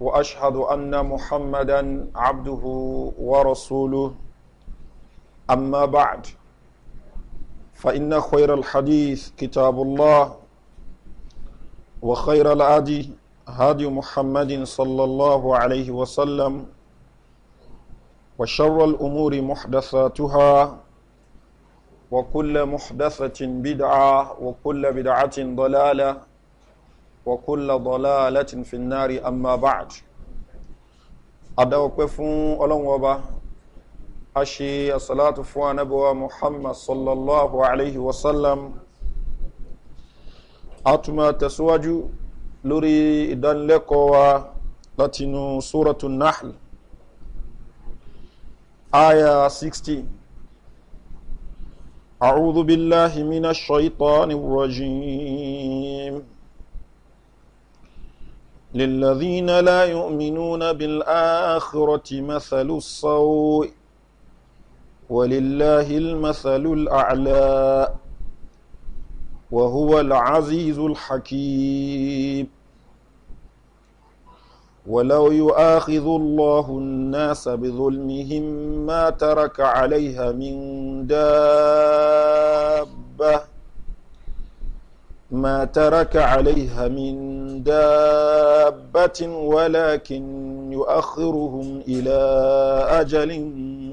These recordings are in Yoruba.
واشهد ان محمدا عبده ورسوله اما بعد فان خير الحديث كتاب الله وخير الادي هادي محمد صلى الله عليه وسلم وشر الامور محدثاتها وكل محدثه بدعه وكل بدعه ضلاله وكل ضلالة في النار أما بعد أدوكفون ألم وبا أشي الصلاة فوى نبوى محمد صلى الله عليه وسلم أتما تسواج لري إدان لكوى لاتينو سورة النحل آية 60 أعوذ بالله من الشيطان الرجيم للذين لا يؤمنون بالآخرة مثل السوء ولله المثل الأعلى وهو العزيز الحكيم ولو يؤاخذ الله الناس بظلمهم ما ترك عليها من دابه ما ترك عليها من دابة ولكن يؤخرهم إلى أجل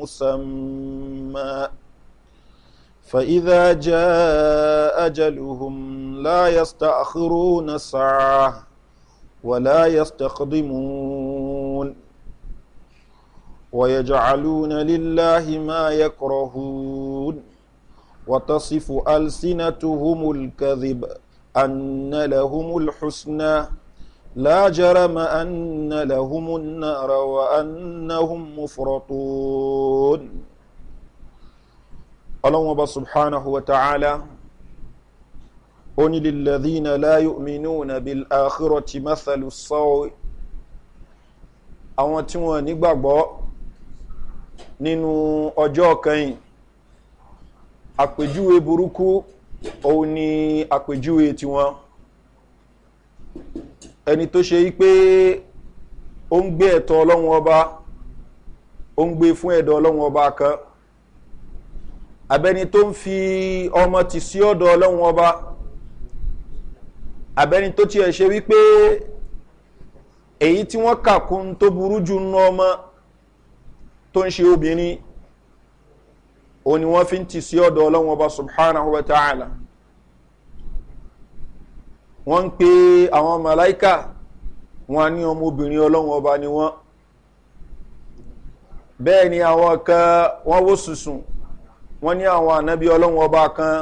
مسمى فإذا جاء أجلهم لا يستأخرون ساعة ولا يستقدمون ويجعلون لله ما يكرهون وتصف ألسنتهم الكذب أن لهم الحسنى لا جرم أن لهم النار وأنهم مفرطون الله سبحانه وتعالى أن للذين لا يؤمنون بالآخرة مثل الصوء àwọn tí wọn nígbàgbọ́ nínú ọjọ́ kẹyìn àpèjúwe burúkú òun ni àpèjúwe tiwọn ẹni tó ṣe yí pé ó ń gbé ẹ̀tọ́ ọlọ́run ọba ó ń gbé fún ẹ̀dọ̀ ọlọ́run ọba kan abẹni tó ń fi ọmọ tì sí ọ̀dọ̀ ọlọ́run ọba abẹni tó tiẹ̀ ṣe wípé èyí tí wọ́n kà tó burú jù nínú ọmọ tó ń ṣe obìnrin òun ni wọ́n fi ń ti sí ọ̀dọ̀ ọlọ́run ọba subhanahu wa ta'ala wọ́n ń pe àwọn màláìkà wọn ní ọmọbìnrin ọlọ́run ọba ni wọ́n bẹ́ẹ̀ ni àwọn kan wọ́n wó sùsùn wọ́n ní àwọn ànábí ọlọ́run ọba kan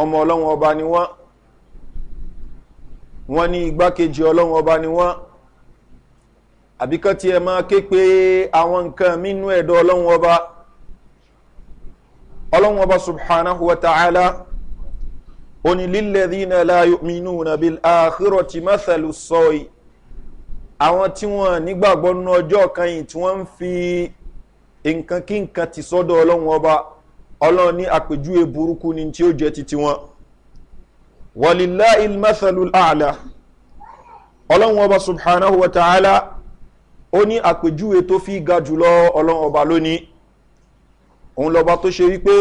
ọmọ ọlọ́run ọba ni wọ́n wọ́n ní igbákejì ọlọ́run ọba ni wọ́n àbíkọ́ tí máa ké pé àwọn nǹkan mínú ẹ̀dọ́ ọlọ́run ọba ọlọ́run ọba subhanahu wa ta'ala onílílẹ̀dínà láyọ̀mínú nàbí àkírọ̀ tí mẹ́sàlù sọ́ọ̀ì àwọn tí wọ́n nígbàgbọ́ nínú ọjọ́ kan yìí tí wọ́n ń fi nǹkan kí nǹkan ti sọ́dọ̀ ọlọ́run ọba ọlọ́run ní àpèjúwe burúkú ni tí ó jẹ́ titi wọn wàlílá ilmẹ́sàlù àlà ọlọ́run ọba subhanahu wa ta'ala àpèjúwe tó fi ga jùlọ ọlọ́run ọba lónìí òun lọba tó ṣe wípé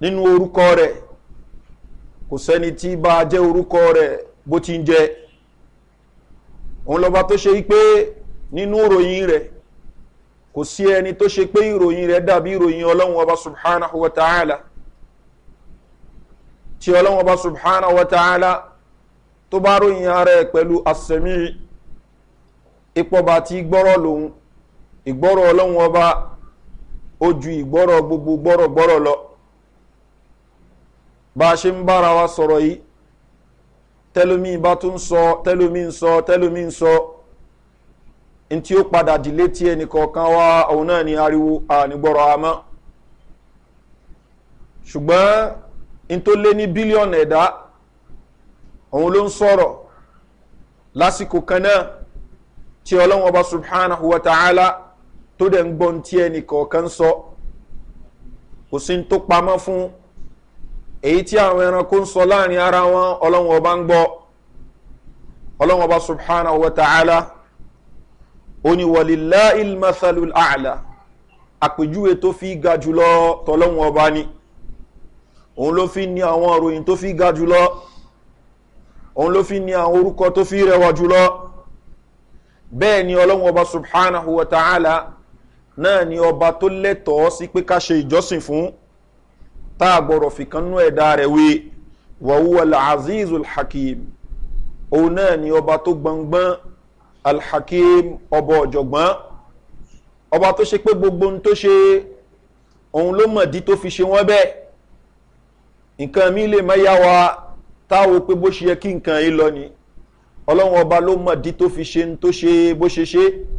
nínú orúkọ rẹ̀ kò sẹ́ni tí bá jẹ́ orúkọ rẹ̀ bó ti ń jẹ́ òun lọba tó ṣe wípé nínú ìròyìn rẹ̀ kò sí ẹni tó ṣe pé ìròyìn rẹ̀ dàbí ìròyìn ọlọ́run ọba subhanahu wa ta'ala tí ọlọ́run ọba subhanahu wa ta'ala tó bá ròyìn ara ẹ̀ pẹ̀lú asẹ̀mí ipọba tí gbọ́rọ̀ lòun ìgbọ́rọ̀ ọlọ́run ọba ó ju ìgbọ́rọ̀ gbogbo gbọ́rọ̀gbọ́rọ̀ lọ bá a ṣe ń bára wa sọ̀rọ̀ yìí tẹ́lómi bá tún sọ tẹ́lómi ń sọ tẹ́lómi ń sọ n tí ó padà dìlé tí ẹnìkọ̀ọ̀kan wá òun náà ní ariwo ànígbọ́rọ̀ àmọ́ ṣùgbọ́n n tó lé ní bílíọ̀nù ẹ̀dá òun ló ń sọ̀rọ̀ lásìkò kan náà tí ọlọ́wọ́n ọba subhanahu wa ta'ala tó dẹ̀ ń gbọ́n tí ẹnì kọ̀ọ̀kan sọ kò sí tó pamọ́ fún èyí tí àwọn ẹranko ń sọ láàrin ara wọn ọlọ́run ọba ń gbọ́ ọlọ́run ọba subhanahu wa ta'ala oníwọlélá ilmasalu àlà àpèjúwe tó fi ga jùlọ tọlọ́run ọba ni òun ló fi ní àwọn òròyìn tó fi ga jùlọ òun ló fi ní àwọn orúkọ tó fi rẹwà jùlọ bẹ́ẹ̀ ni ọlọ́run ọba subhanahu wa ta'ala náà ni ọba tó lẹ́tọ̀ọ́ sí pé ká ṣe ìjọsìn fún tá a gbọ́dọ̀ fìkanú ẹ̀dá rẹ̀ wé wàhúwà al-aziz al-hakim òun náà ni ọba tó gbọngbọ́n al-hakim ọba ọ̀jọ̀gbọ́n ọba tó ṣe pé gbogbo ohun tó ṣe òun ló mọ̀dí tó fi ṣe wọ́n bẹ́ẹ̀ nǹkan mi lè má yá wa táwo pé bó ṣe yẹ kí nǹkan yìí lọ ni ọlọ́run ọba ló mọ̀dí tó fi ṣe ń tó ṣe bó ṣe ṣe é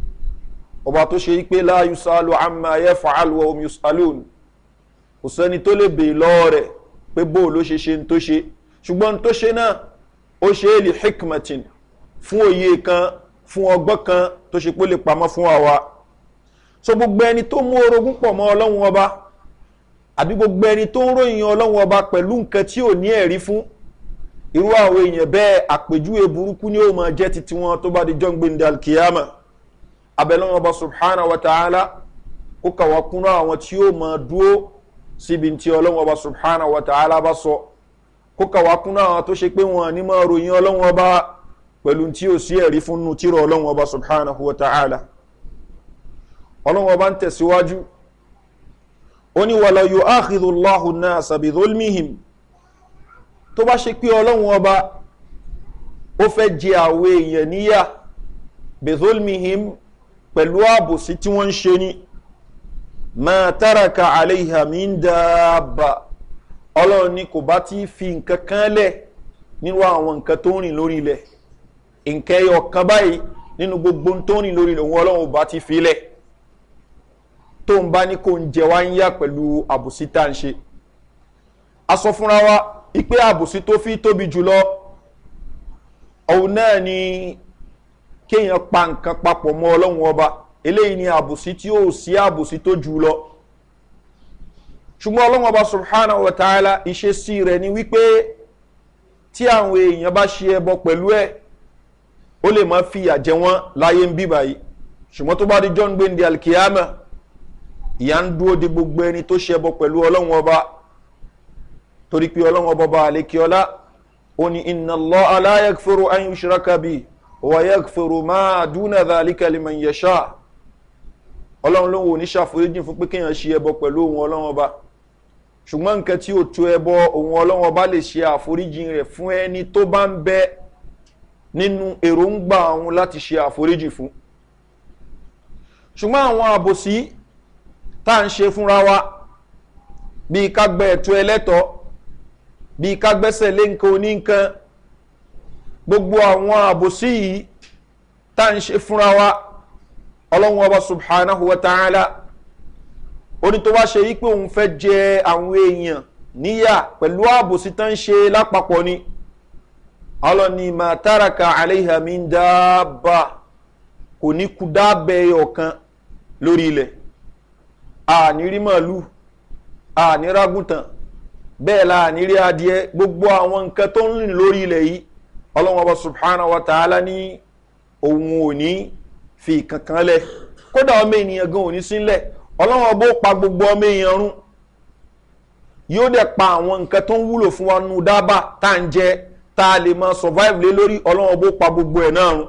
ọba tó ṣe pé láàyè sálọ àmà ayẹ́fà àlùwà omi saloon kò sẹ́ni tó lè bèè lọ́wọ́ rẹ̀ pé bóò ló ṣe ṣe ń tó ṣe ṣùgbọ́n tó ṣe náà ó ṣe é lè hikmatin fún òye kan fún ọgbọ́n kan tó ṣe pé lè pamọ́ fún àwa so gbogbo ẹni tó mú orogún pọ̀ mọ́ ọlọ́run ọba àbí gbogbo ẹni tó ń ròyìn ọlọ́run ọba pẹ̀lú nǹkan tí ò ní ẹ̀rí fún irú àwọn èèyàn bẹ́ẹ̀ àpèjúwe burúkú ni ó máa jẹ́ titi wọn tó bá di jọ́ abẹ́lẹ́wọ̀n ọba subhanahu wa ta'ala kó kàwá kúnú àwọn tí ó máa dúó síbi tí ọlọ́wọ̀n ọba subhanahu wa ta'ala bá sọ kó kàwá kúnú àwọn tó ṣe pé wọn ní máa ròyìn ọlọ́wọ̀n ọba pẹ̀lú tí ó sí ẹ̀rí fún nùtírọ̀ ọlọ́wọ̀n ọba subhanahu wa ta'ala ọlọ́wọ̀n ọba ń tẹ̀síwájú ó ní wàlá yóò áàkìdù láhù náà sàbí dólmíhìm tó bá ṣe pé ọlọ́wọ̀n ọba ó fẹ́ jẹ àwọn èèyàn níyà bẹ̀dólmíhìm pẹ̀lú àbòsí tí wọ́n ń ṣe ni máa táraka àléhàmí ń dáàbà ọlọ́run ni kò bá ti fi nǹkan kan lẹ̀ nínú àwọn nǹkan tó ń rìn lórí ilẹ̀ nǹkan ẹyọ kan báyìí nínú gbogbo tó rìn lórí ilẹ̀ òun ọlọ́run ò bá ti fi lẹ̀ tó ń bá ní kò ń jẹ wá ń yá pẹ̀lú àbòsí tá à ń ṣe a sọ fúnra wa ìpè àbòsí tó fi tóbi jùlọ òun náà ni kéèyàn pa nǹkan papọ̀ mọ́ ọlọ́run ọba eléyìí ni àbòsí tí ó sí àbòsí tó jù lọ ṣùgbọ́n ọlọ́run ọba subhanahu wa ta'ala ìṣesí rẹ̀ ni wípé tí àwọn èèyàn bá ṣe ẹbọ pẹ̀lú ẹ̀ ó lè má fi ìyà jẹ wọ́n láyé ń bí báyìí ṣùgbọ́n tó bá di john gbendi alkiyama ìyá ń dúró de gbogbo ẹni tó ṣe ẹbọ pẹ̀lú ọlọ́run ọba torí pé ọlọ́run ọba bá àlékiọlá ó ní iná lọ aláyẹ̀kfọ́rọ̀ ayé ìṣúra kábíyì wàyẹ́kfẹ̀rù máa dúnà dàlíkà lè mọ̀ yẹ̀ṣà ọlọ́run ló ń wò ní ṣàforíjì fún pé kéèyàn ṣe ẹbọ pẹ̀lú òun ọlọ́run ọba ṣùgbọ́n nǹkan tí ó to ẹbọ òun ọlọ́run ọba lè ṣe àforíjì rẹ̀ fún ẹni tó bá ń bẹ nínú èròǹgbà òun láti ṣe àforíjì fún ṣùgbọ́n àwọn àbòsí tá à ń ṣe fúnra wa bíi kágbẹ́ ẹ̀tọ́ ẹlẹ́tọ́ bíi kágbẹ́sẹ̀ lé nǹkan oníǹkan gbogbo àwọn àbòsí yìí tá ń ṣe fúnra wa ọlọ́run ọba subhanahu wa ta'ala oní tó wá ṣe yí pé òun fẹ́ jẹ àwọn èèyàn níyà pẹ̀lú àbòsí tá ń ṣe lápapọ̀ ni ọlọ́ni màtàràkà aláìhàmí dáàbà kò ní kú dábẹ́ ọ̀kan lórí ilẹ̀ ànírí màálù ànírágùntàn bẹ́ẹ̀ la ànírí adìẹ gbogbo àwọn nǹkan tó ń rìn lórí ilẹ̀ yìí ọlọ́run ọba subhanahu wa ta'ala ní òun ò ní fi kankan lẹ̀ kódà ọmọ ènìyàn gan ò ní sílẹ̀ ọlọ́run ọba ó pa gbogbo ọmọ èèyàn rún yóò dẹ̀ pa àwọn nǹkan tó ń wúlò fún wa nù dábàá tá à ń jẹ tá a lè máa survive lé lórí ọlọ́run ọba pa gbogbo ẹ̀ náà rún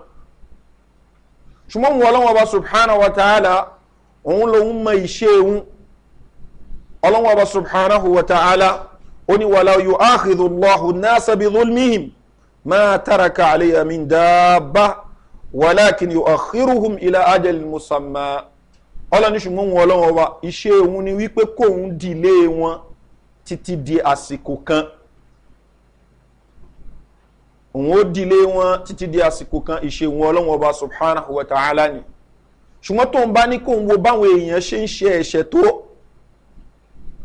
ṣùgbọ́n òun ọlọ́run subhanahu wa ta'ala òun lòun mọ ìṣe òun ọlọ́run subhanahu wa ta'ala ó ní wàlá yóò áhìdùn lọ́hùn náà sábì lólmíhìn ما ترك عليها من دابة ولكن يؤخرهم إلى أجل مسمى ọlọ́ni ṣùgbọ́n wọn ọlọ́wọ́ wa iṣẹ́ òun ni wípé kóun dìlé wọn títí di àsìkò kan òun ó dìlé wọn títí di àsìkò kan iṣẹ́ òun ọlọ́wọ́ wa subhanahu wa ta'ala ni ṣùgbọ́n tóun bá ní kóun wo báwọn èèyàn ṣe ń ṣe ẹ̀ṣẹ̀ tó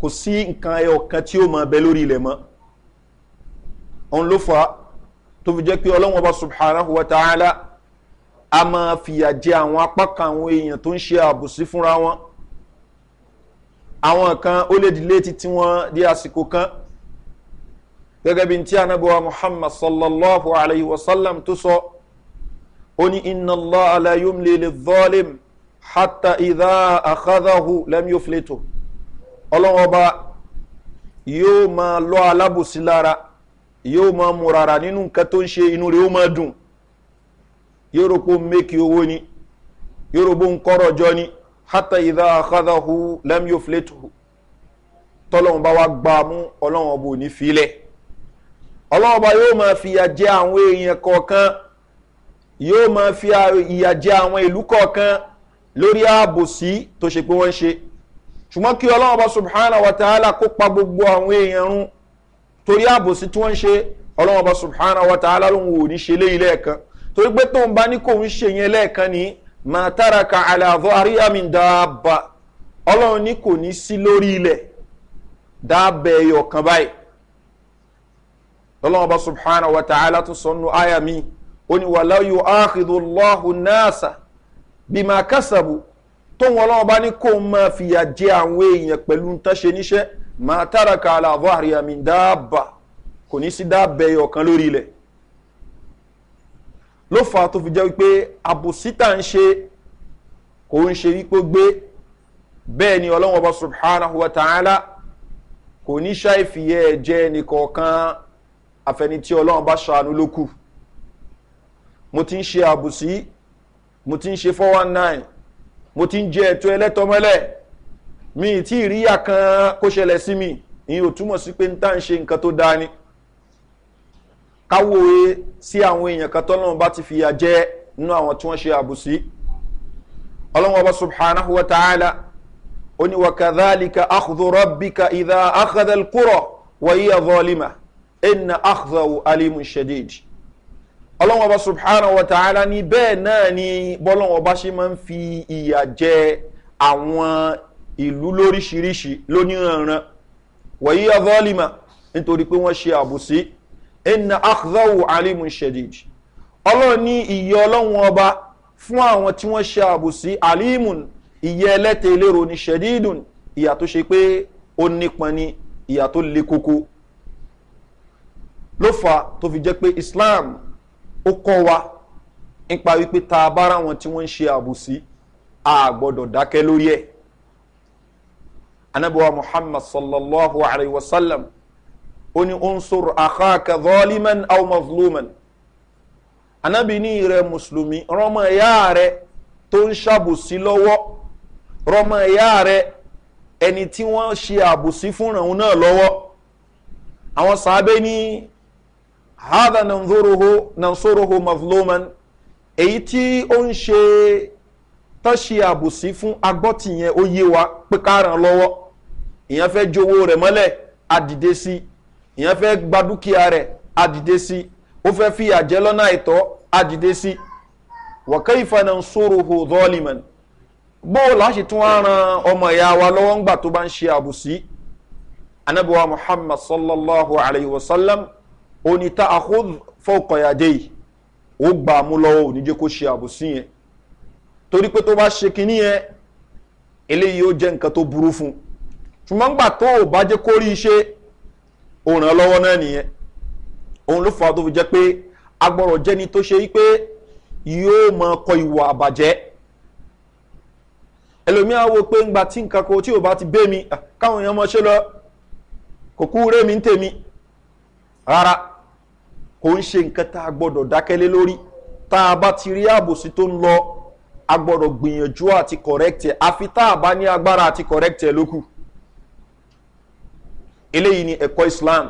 kò sí nǹkan ẹ̀ọ̀kan tí ó mọ abẹ lórí ilẹ̀ mọ́ òun ló fà á tó fi jẹ́ pé ọlọ́run ọba subhanahu wa ta'ala a máa fìyà jẹ àwọn apá kan àwọn èèyàn tó ń ṣe àbòsí fúnra wọn àwọn kan ó lè dìlé títí wọn di àsìkò kan gẹ́gẹ́ bí tí anábọ̀wá muhammad sallallahu alayhi wa sallam tó sọ ó ní iná lọ́ alayum lè lè zọ́ọ́lẹ̀m hata ìdá àkàdáhù lẹ́mí òfìlétò ọlọ́run ọba yóò máa lọ alábòsí lára yóò máa mú rárá nínú nǹkan tó ń ṣe inú rẹ̀ ó máa dùn yóò rò pé ó ń mékì owó ni yóò rò pé ó ń kọ́rọ̀ jọ ni hátà ìdá àkàdàhù lẹ́mí òfìlétò tọ́lọ́wọ́n bá wá gbà mú ọlọ́wọ́n bò ní filẹ̀ ọlọ́wọ́n bá yóò máa fìyà jẹ àwọn èèyàn kọ̀ọ̀kan yóò máa fi ìyà àwọn ìlú kọ̀ọ̀kan lórí ààbòsí tó ṣe pé wọ́n ń ṣe ṣùgbọ́n kí ọlọ́wọ́n bá subhanahu wa ta'ala kópa gbogbo àwọn èèyàn rún torí àbòsí tí wọ́n ń ṣe ọlọ́wọ́n bá subhanahu wa ta'ala ló ń wò ní ṣe léyìí lẹ́ẹ̀kan torí pé tóun bá ní kò ń ṣe yẹn lẹ́ẹ̀kan ni mà tára ka àlàfo àríyàmì dáàbà ọlọ́run ní kò ní sí lórí ilẹ̀ dáàbẹ̀ ẹ̀yọ̀ kan báyìí ọlọ́wọ́n bá subhanahu wa ta'ala tún sọnù àyà mi ó ní wàlá yóò áàkìdù lọ́hùn náà sà bí màá kásábù tóun ọlọ́wọ́n bá ní kò máa fìyà jẹ àwọn èèyàn pẹ̀lú ń tán ṣe níṣẹ́ máa tára ka aláàbọ̀ àríyàmí dáàbà kò ní sí dáàbẹ̀ ọ̀kan lórí ilẹ̀ ló fà á tó fi jẹ́ wípé àbòsítà ń ṣe kò ń ṣe wípé gbé bẹ́ẹ̀ ni ọlọ́run ọba subhanahu wa ta'ala kò ní ṣáì fìyẹ́ ẹ̀jẹ̀ nìkọ̀ọ̀kan àfẹnití ọlọ́run bá ṣàánú ló kù mo ti ń ṣe àbòsí mo ti ń ṣe four one nine mo ti ń jẹ ẹ̀tọ́ ẹlẹ́tọ́mọ́lẹ́ mi tí ìríyà kan kó ṣẹlẹ̀ sí mi ìyẹn ò túmọ̀ sí pé ń tà ń ṣe nǹkan tó dáa ni káwòye sí àwọn èèyàn kan tọ́lọ́run bá ti fìyà jẹ́ nínú àwọn tí wọ́n ṣe àbùsí ọlọ́run ọba subhanahu wa ta'ala ó ní wàkàdálíkà àkùdùrọ̀ bíkà ìdá àkàdàlkúrọ̀ wàyí àvọ́límà ẹ̀nà àkùdàwò alimu shadid ọlọ́run ọba subhanahu wa ta'ala ní bẹ́ẹ̀ náà ni bọ́lọ́run ọba ṣe máa ń fi ìyà jẹ àwọn ìlú lóríṣiríṣi lóníranran wọ̀nyí avọ́límà nítorí pé wọ́n ṣe àbùsí ẹ̀nà akhdawu alimu shadid ọlọ́run ní ìyẹ́ ọlọ́run ọba fún àwọn tí wọ́n ṣe àbùsí alimu ìyẹ́ ẹlẹ́tẹ̀ lérò ní shadidun ìyà tó ṣe pé ó nípọn ní ìyà tó le koko ló fà tó fi jẹ́ pé islam ó kọ́ wa nípa wípé ta bára wọn tí wọ́n ń ṣe àbùsí a dákẹ́ lórí ẹ̀ anabiwa muhammad sallallahu alayhi wa sallam ó ní unsur akhaka zoliman aw mazluman anabi ní rẹ mùsùlùmí rọmọ ẹyà rẹ tó ń ṣàbùsí lọ́wọ́ rọmọ ẹyà rẹ ẹni tí wọ́n ṣe àbùsí fúnra òun náà lọ́wọ́ àwọn sàábẹ́ ní hadha nansoroho mazluman èyí tí ó ń ṣe tán ṣe fún agbọ́tìyẹn ó yé wa ìyẹn fẹ́ jowó rẹ̀ mọ́lẹ̀ àdìde sí ìyẹn fẹ́ gba dúkìá rẹ̀ àdìde sí ó fẹ́ fi àjẹ́ lọ́nà àìtọ́ àdìde sí wọ̀kẹ́ ìfànà ń sọ̀rọ̀ hó dọ́ọ̀lìmọ̀ bó o tún á ran ọmọ ìyá wa lọ́wọ́ ńgbà tó bá ń ṣe àbùsí anabiwa muhammad sallallahu alayhi wa sallam oníta àkóso fọkànyàdé yìí ó gbà á mú lọ́wọ́ oníjẹ́ kó ṣe àbùsí yẹn torí pé tó bá ṣe kinní yẹn eléyìí ó jẹ́ nǹkan tó burú fún un ṣùgbọ́n gbà tó o bá jẹ́ kó rí iṣẹ́ òràn lọ́wọ́ náà nìyẹn òun ló fà á tó fi jẹ́ pé agbọ́rọ̀ jẹ́ni tó ṣe wípé yóò mọ ọkọ̀ ìwà àbàjẹ́ ẹlòmíà wo pé ńgbà tí nǹkan kan tí ò bá ti bẹ́ mi káwọn èèyàn mọ lọ kò kú rémi ń tèmi rárá kò ń ṣe nǹkan tá a gbọ́dọ̀ dákẹ́lé lórí tá a bá ti rí àbòsí tó ń lọ a gbìyànjú àti kọ̀rẹ́kítẹ̀ àfi tá a bá ní agbára àti kọ̀rẹ́kítẹ̀ lókù eléyìí ni ẹ̀kọ́ islam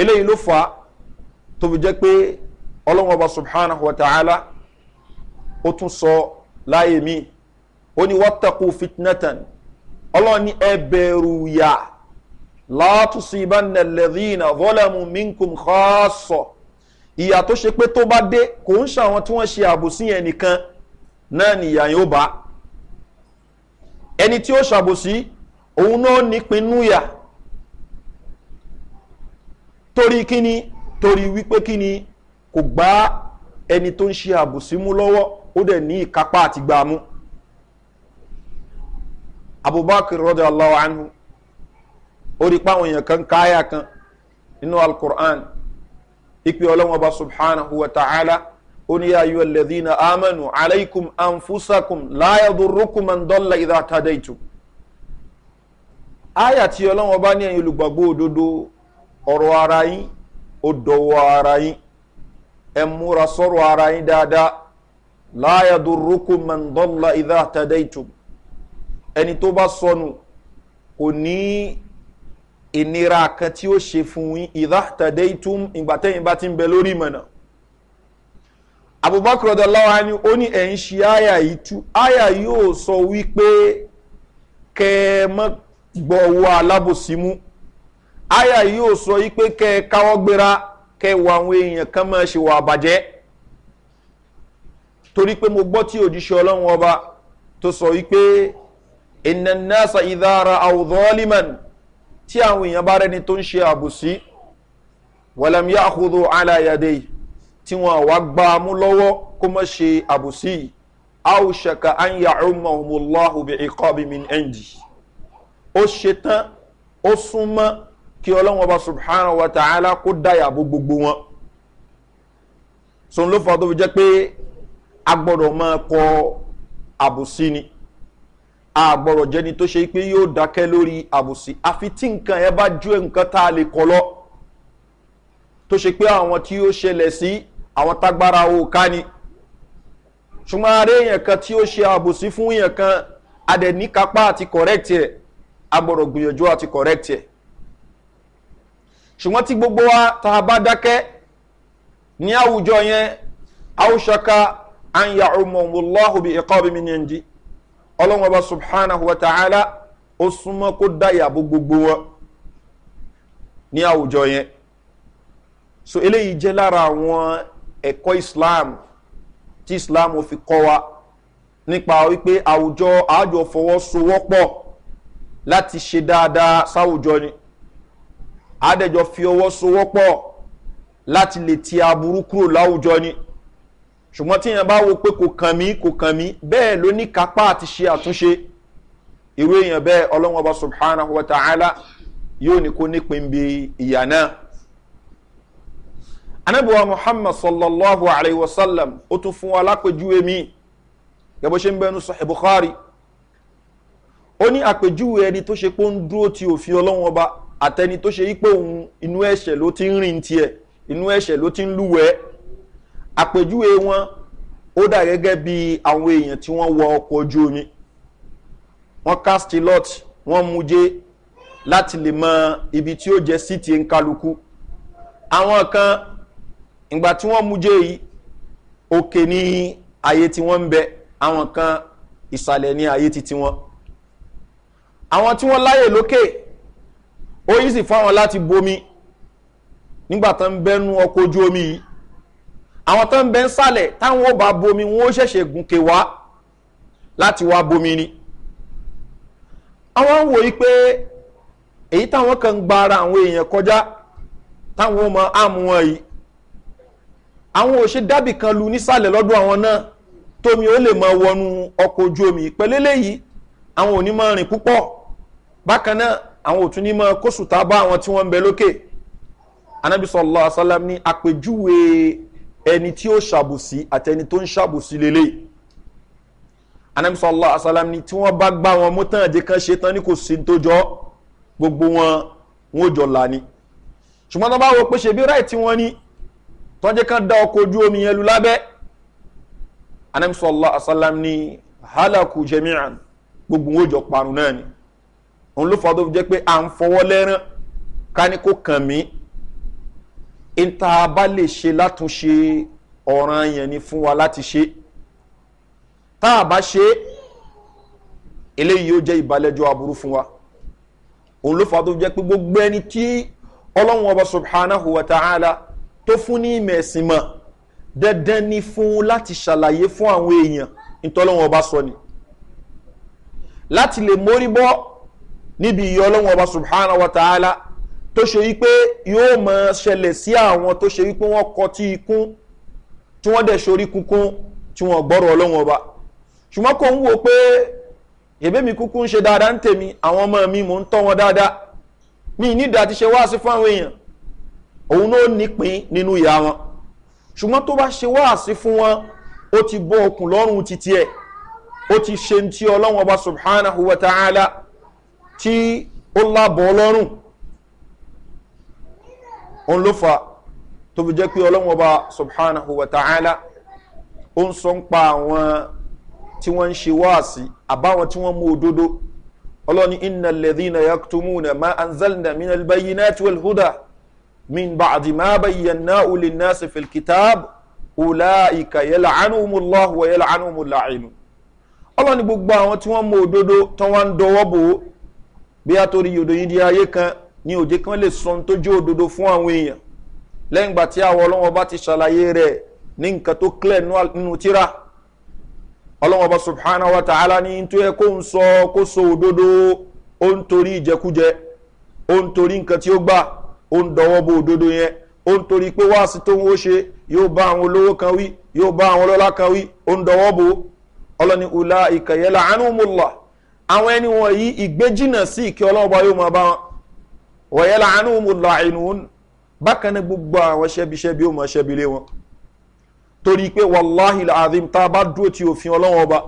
eléyìí ló fà á tó fi jẹ́ pé ọlọ́run ọba subhanahu wa ta'ala ó tún sọ láàyè mi ó ní wọ́tàkù fitnatan ọlọ́run ní ẹ bẹ̀rù yà látúnṣe ìbánilẹ̀ lẹ́dínà vọ́lẹ̀mù minkum kọ́ọ̀sọ̀ ìyà tó ṣe pé tó bá dé kò ń ṣàwọn tí wọ́n ṣe àbòsí yẹn nìkan náà nìyà yóò bá ẹni tí ó ṣàbòsí òun náà nípinnu yà torí kíni torí wípé kíni kò gbá ẹni tó ń ṣe àbòsí lọ́wọ́ ó dẹ̀ ní ìkápá àti gbà abubakar rọ́dà aláwọ̀ anhu ó rí páwọn èèyàn kan káyà kan nínú alukur'an ipe ọlọ́wọ́n ọba subhanahu wa ta'ala ó ní ayé ẹlẹ́dínà amánu aleikum anfusakum láyàdúrúkú mandọ́lá ìdá tàdé ìtumù Aya tí ọlọ́wọ́n bá ní ẹ̀yin olùgbàgbọ́ òdodo ọ̀rọ̀ ara yín ó dọ̀wọ́ ara yín ẹ múra sọ́rọ̀ ara yín dáadáa láyà dòrókò mẹ́ndọ́lá ìdá àtàdé ìtò ẹni tó bá sọnù kò ní ìnira kan tí ó ṣe fún yín ìdá àtàdé ìtò ìgbà tẹ́yìn bá ti ń bẹ lórí ìmọ̀nà abubakar ọ̀dọ̀láwa ni ó ní ẹ̀ ṣe àyà yìí tú àyà yóò sọ wípé kẹ́ẹ̀mọ́ gbọ́ owó alábòsí mú àyà yìí ò sọ yí pé kẹ́ ẹ káwọ́ gbéra kẹ́ ẹ wọ àwọn èèyàn kan máa ṣe wà àbàjẹ́ torí pé mo gbọ́ tí òjíṣẹ́ ọlọ́run ọba tó sọ yí pé ìnànàṣà ìdára àwùdọ́ọ́límàn tí àwọn èèyàn bá rẹni tó ń ṣe àbòsí wàlámíyà àkóso aláyàdé tí wọn àwa gbá mú lọ́wọ́ kó má ṣe àbòsí àwùṣẹ̀ka àyà ọmọ bí ẹ̀kọ́ bí mi ẹ̀ǹdì ó ṣetán ó súnmọ́ kí ọlọ́run ọba subhana wa ta'ala kó dáyà bó gbogbo wọn sọ̀rọ̀ ló fà tó fi jẹ́ pé a gbọ́dọ̀ máa kọ àbùsí ni a gbọ́dọ̀ jẹ́ni tó ṣe pé yóò dákẹ́ lórí àbùsí àfi tí nǹkan ẹ bá ju nǹkan tá a lè kọ lọ tó ṣe pé àwọn tí ó ṣẹlẹ̀ sí àwọn tágbára òka ni ṣùgbọ́n àárẹ̀ èèyàn kan tí ó ṣe àbùsí fún èèyàn kan adẹ̀ níkápá àti kọ̀rẹ́kì ẹ̀ agbọ̀rọ̀ gbìyànjú àti correct ẹ̀ ṣùgbọ́n tí gbogbo wa tá a bá dákẹ́ ní àwùjọ yẹn àwùṣọ́ka àyà ọmọọmọláhùn bíi ẹ̀kọ́ bí mi ní ọlọ́wọ́n bá subhanahu wa ta'ala ó súnmọ́ kó dáyà bó gbogbo wọn ní àwùjọ yẹn so eléyìí jẹ́ lára àwọn ẹ̀kọ́ islam tí islam fi kọ́ wa nípa wípé àwùjọ àjọ fọwọ́sowọ́pọ̀ láti ṣe dáadáa sáwùjọ ni àdẹjọ fi ọwọ́ sowọ́pọ̀ láti lè ti aburú kúrò láwùjọ ni ṣùgbọ́n tí èèyàn bá wo pé kò kàn mí kò kàn mí bẹ́ẹ̀ ló ní kápá àti ṣe àtúnṣe irú èèyàn bẹ́ẹ̀ ọlọ́run ọba subhanahu wa ta'ala yóò ní kó nípìn bí ìyà náà anabiwa muhammad sallallahu alayhi wa sallam ó tún fún wa lápèjúwe mi gẹ́gẹ́ bó ṣe bukhari ó ní àpèjúwe ẹni tó ṣe pé ó ń dúró ti òfin ọlọ́run ọba àtẹni tó ṣe wípé òun inú ẹ̀ṣẹ̀ ló ti ń rìn tiẹ̀ inú ẹ̀ṣẹ̀ ló ti ń lúwẹ̀ẹ́ àpèjúwe wọn ó dà gẹ́gẹ́ bí àwọn èèyàn tí wọ́n wọ ọkọ̀ ojú omi wọ́n cast lot wọ́n mú jẹ́ láti lè mọ ibi tí ó jẹ́ sí ti àwọn kan ìgbà tí wọ́n mú jẹ́ yìí òkè ní ayé tí wọ́n ń bẹ àwọn kan ìsàlẹ̀ ní ayé titi wọn àwọn tí wọ́n láyè lókè ó yí sì fáwọn láti bomi nígbà tó ń bẹ́nu ọkọ̀ ojú omi yìí àwọn tó ń bẹ́ ń sàlẹ̀ táwọn ò bá bomi wọn ó ṣẹ̀ṣẹ̀ gùnkè wá láti wá bomi ni àwọn ń wòye pé èyí táwọn kan gba ara àwọn èèyàn kọjá táwọn ò mọ àmú wọn yìí àwọn ò ṣe dábì kan lu nísàlẹ̀ lọ́dún àwọn náà tómi ó lè mọ wọnú ọkọ̀ ojú omi pẹ̀lẹ́lẹ́yìí àwọn ò ní mọ rìn púpọ̀ bákan náà àwọn òtún ní mọ kóṣùtà bá àwọn tí wọ́n ń bẹ lókè anabi sọlọ asálàm ní àpèjúwe ẹni tí ó ṣàbùsí àti ẹni tó ń ṣàbùsí lélẹ̀ anabi sọlọ asálàm ní tí wọ́n bá gbá wọn mú tán àjẹ kan ṣe tán ní kò sí tó jọ gbogbo wọn wọn ò jọ là ni ṣùgbọ́n tó bá wo pé ṣe bí ráìtì wọn ni tọ́jẹ́ kan da ọkọ̀ ojú omi yẹn lu lábẹ́ anabi sọlọ asálàm ní halaku jamian gbogbo wọn ò jọ parun náà ni òun ló fà á tó fi jẹ́ pé à ń fọwọ́ lẹ́rán ká ní kó kàn mí níta bá lè ṣe látúnṣe ọ̀ràn yẹn ni fún wa láti ṣe tá a bá ṣe eléyìí yóò jẹ́ ìbálẹ́jọ́ aburú fún wa òun ló fà á tó fi jẹ́ pé gbogbo ẹni tí ọlọ́run ọba subhanahu wa ta'ala tó fún ní ìmọ̀ ẹ̀sìn mọ̀ dandan ni fún un láti ṣàlàyé fún àwọn èèyàn nítorí ọba sọ ni láti lè mórí bọ́ níbi ìyọ́ ọlọ́run ọba subhanahu wa ta'ala tó ṣe wípé yóò mọ̀ ṣẹlẹ̀ sí àwọn tó ṣe wípé wọ́n kọtí ikún tí wọ́n dẹ̀ ṣorí kunkun tí wọ́n gbọ́rọ̀ ọlọ́run ọba ṣùgbọ́n kò ń wò pé èbé mi kúkú ń ṣe dáadáa ń tèmi àwọn ọmọ mi mò ń tọ́ wọn dáadáa mi nídìí àti ṣe wáàsí fún àwọn èèyàn òun náà nípìn nínú ìyá wọn ṣùgbọ́n tó bá ṣe wáàsí fún wọn ó ti bọ́ okùn lọ́rùn títí ẹ̀ ó ti ṣe ti ọlọ́run ọba subhanahu wa ta'ala tí ó lábọ̀ ọlọ́rùn òun ló fa tó fi jẹ́ pé ọlọ́run ọba subhanahu wa ta'ala ó ń sọ ń pa àwọn tí wọ́n ń ṣe wáàsí àbáwọn tí wọ́n mú òdodo ọlọ́ni iná lẹ́dínà yàtúmùnà má anzalna min albayyana tuwal huda min ba'di ma bayyana ulin nasi fil kitab ulaika yal'anumullahu wa yal'anumul la'inu ọlọ́ni gbogbo àwọn tí wọ́n mú òdodo tán wá dọwọ́ bò bí a torí yòdò yìí di ayé kan ní òjé kan lè sọ tó jó òdodo fún àwọn èèyàn lẹ́yìn ìgbà tí àwọn ọlọ́wọ́ bá ti ṣàlàyé rẹ̀ ní nǹkan tó clear nínú tíra ọlọ́wọ́ bá subhanahu wa ta'ala ní tó yẹ kó ń sọ kó so òdodo ó ń torí ìjẹkújẹ ó ń torí nǹkan tí ó gbà ó ń dọwọ́ bo òdodo yẹn ó ń torí pé wáàsí tó ń wó ṣe yóò bá àwọn olówó kan wí yóò bá àwọn ọlọ́lá kan wí ó ń dọwọ́ bo ọlọ́ni ula ìkàyẹ́lá anúmùlá àwọn ẹni wọ̀nyí ìgbéjìnà sí ìkẹ́ ọlọ́ọ̀bá yóò máa bá wọn wọ̀nyẹ́ làánú mu là inú bákan náà gbogbo àwọn ṣẹ́bi-ṣẹ́bi yóò máa ṣẹ́bi lé wọn torí pé wàláhì làdìm tá a bá dúró ti òfin ọlọ́wọ́ba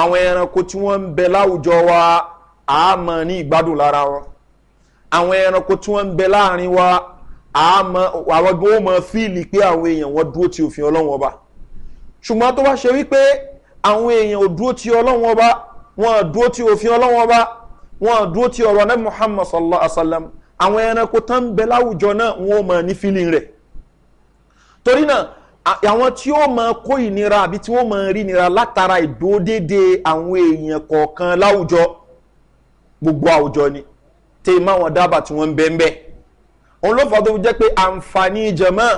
àwọn ẹranko tí wọ́n ń bẹ láwùjọ wa àmọ́ ní ìgbádùn lára wọn àwọn ẹranko tí wọ́n ń bẹ láàrin wa àwọn gbọ́n mọ fíìlì pé àwọn èèyàn wọn dúró ti òfin ọlọ́wọ́ba ṣùgbọ́n tó bá ṣe wípé àwọn èèyàn ò dúró ti ọlọ́wọ́ba wọn dúró tí òfin ọlọ́wọ́n bá wọn dúró tí ọ̀rọ̀ náà muhammad sallallahu alaihi wa sallam àwọn ẹranko tó ń bẹ láwùjọ náà wọn ò mọ̀ ní fílìn rẹ̀ torí náà àwọn tí ó mọ kó ìnira àbí tí wọ́n mọ rí ìnira látara ìdódédé àwọn èèyàn kọ̀ọ̀kan láwùjọ gbogbo àwùjọ ni tẹ́ ẹ má wọn dábàá tí wọ́n ń bẹ́ ń bẹ́ òun ló fà tó fi jẹ́ pé àǹfààní jẹ̀mọ́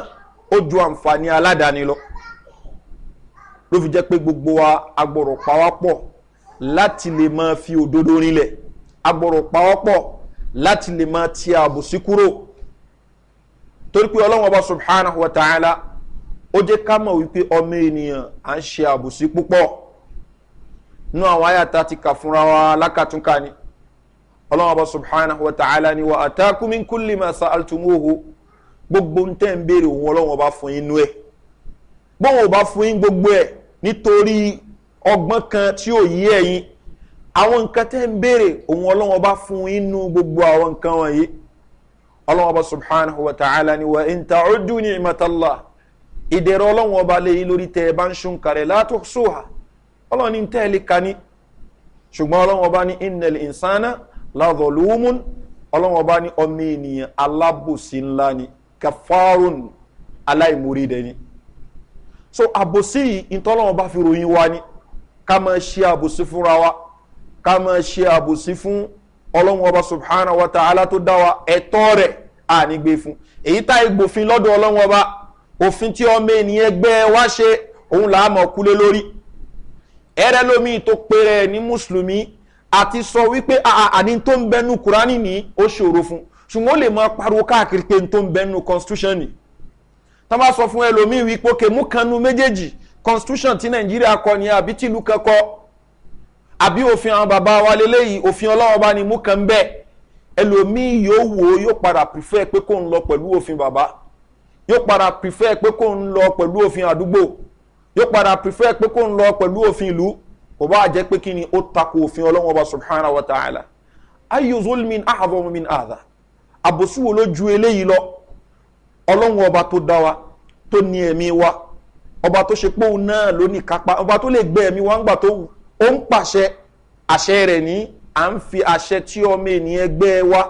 ó ju àǹfààní aládàáni lọ ló fi jẹ́ pé gbogbo wa agbọ̀rọ̀ pàwápọ̀ láti lè máa fi òdodo rinlẹ̀ agbọ̀rọ̀ pawọ́pọ̀ láti lè máa ti àbòsí kúrò torí pé ọlọ́wọ́n bá subhanahu wa ta'ala ó jẹ́ ká mọ̀ wípé ọmọ ènìyàn à ń ṣe àbòsí púpọ̀ nú àwọn àyàtà ti kà fúnra wa lákàtúnkà ni ọlọ́wọ́n bá subhanahu wa ta'ala ni wa àtàkùnmí kúlì máa sa altumuhu gbogbo ń tẹ́ ń béèrè òun ọlọ́wọ́n bá fún yín nú ẹ̀ bóun ò bá fún yín gbogbo ẹ̀ nítorí ọgbọ́n kan tí ò yí ẹ̀yin àwọn nǹkan tẹ́ ń béèrè òun ọlọ́wọ́n bá fún inú gbogbo àwọn nǹkan wọ̀nyí ọlọ́wọ́n bá subhanahu wa ta'ala ni wa in ta ọdún ní ìmọ̀tálà ìdẹ̀rẹ̀ ọlọ́wọ́n bá lé yín lórí tẹ́ ẹ bá ń ṣunkarẹ̀ látò sóhà ọlọ́wọ́n ní tẹ́ ẹ lè ka ṣùgbọ́n ọlọ́wọ́n bá ní inel insana lazolumun ọlọ́wọ́n bá ní ọmọ ènìyàn alábòsí ńlá ni kafarun aláìmórí dẹni so àbòsí yìí ìtọ́lọ́wọ́n bá fi ròyìn wá ni ká máa ṣe àbòsí fúnra wa ká máa ṣe àbòsí fún ọlọ́run ọba subhana wa ta'ala tó dá wa ẹ̀tọ́ rẹ̀ ànígbé fún èyí tá ìgbòfin lọ́dọ̀ ọlọ́run ọba òfin tí ọmọ ènìyàn gbẹ́ wá ṣe òun làá mọ̀ kúlé lórí ẹ̀rẹ́ lómi tó péré ní mùsùlùmí àti sọ wípé àní tó ń bẹnu kúránì ní ó ṣòro fún ṣùgbọ́n ó lè máa pariwo káàkiri pé tó ń bẹnu constitution ni tá bá sọ fún ẹlòmíì wípé òkè mú kanú méjèèjì constitution ti nàìjíríà kọ ni àbí tìlú kẹkọ àbí òfin àwọn bàbá wa lélẹ́yìí òfin ọlọ́wọ́ bá ni mú kan bẹ́ẹ̀ ẹlòmíì yóò wò ó yóò padà prefer pé kó ń lọ pẹ̀lú òfin bàbá yóò padà prefer pé kó ń lọ pẹ̀lú òfin àdúgbò yóò padà prefer pé kó ń lọ pẹ̀lú òfin ìlú kò bá jẹ́ pé kí ni ó takò òfin ọlọ́wọ́ bá subhanahu wa ta'ala ayu zulmin ahadum min ada àbòsí wo ló ju eléyìí lọ ọlọ́wọ́ ọba tó dá wa tó ní ẹ̀mí wa ọba tó ṣe póun náà ló ní kápá ọba tó lè gbé ẹ̀mí wa ń gbà tó ó ń pàṣẹ àṣẹ rẹ̀ ní à ń fi àṣẹ tí ọmọ ènìyàn gbé wa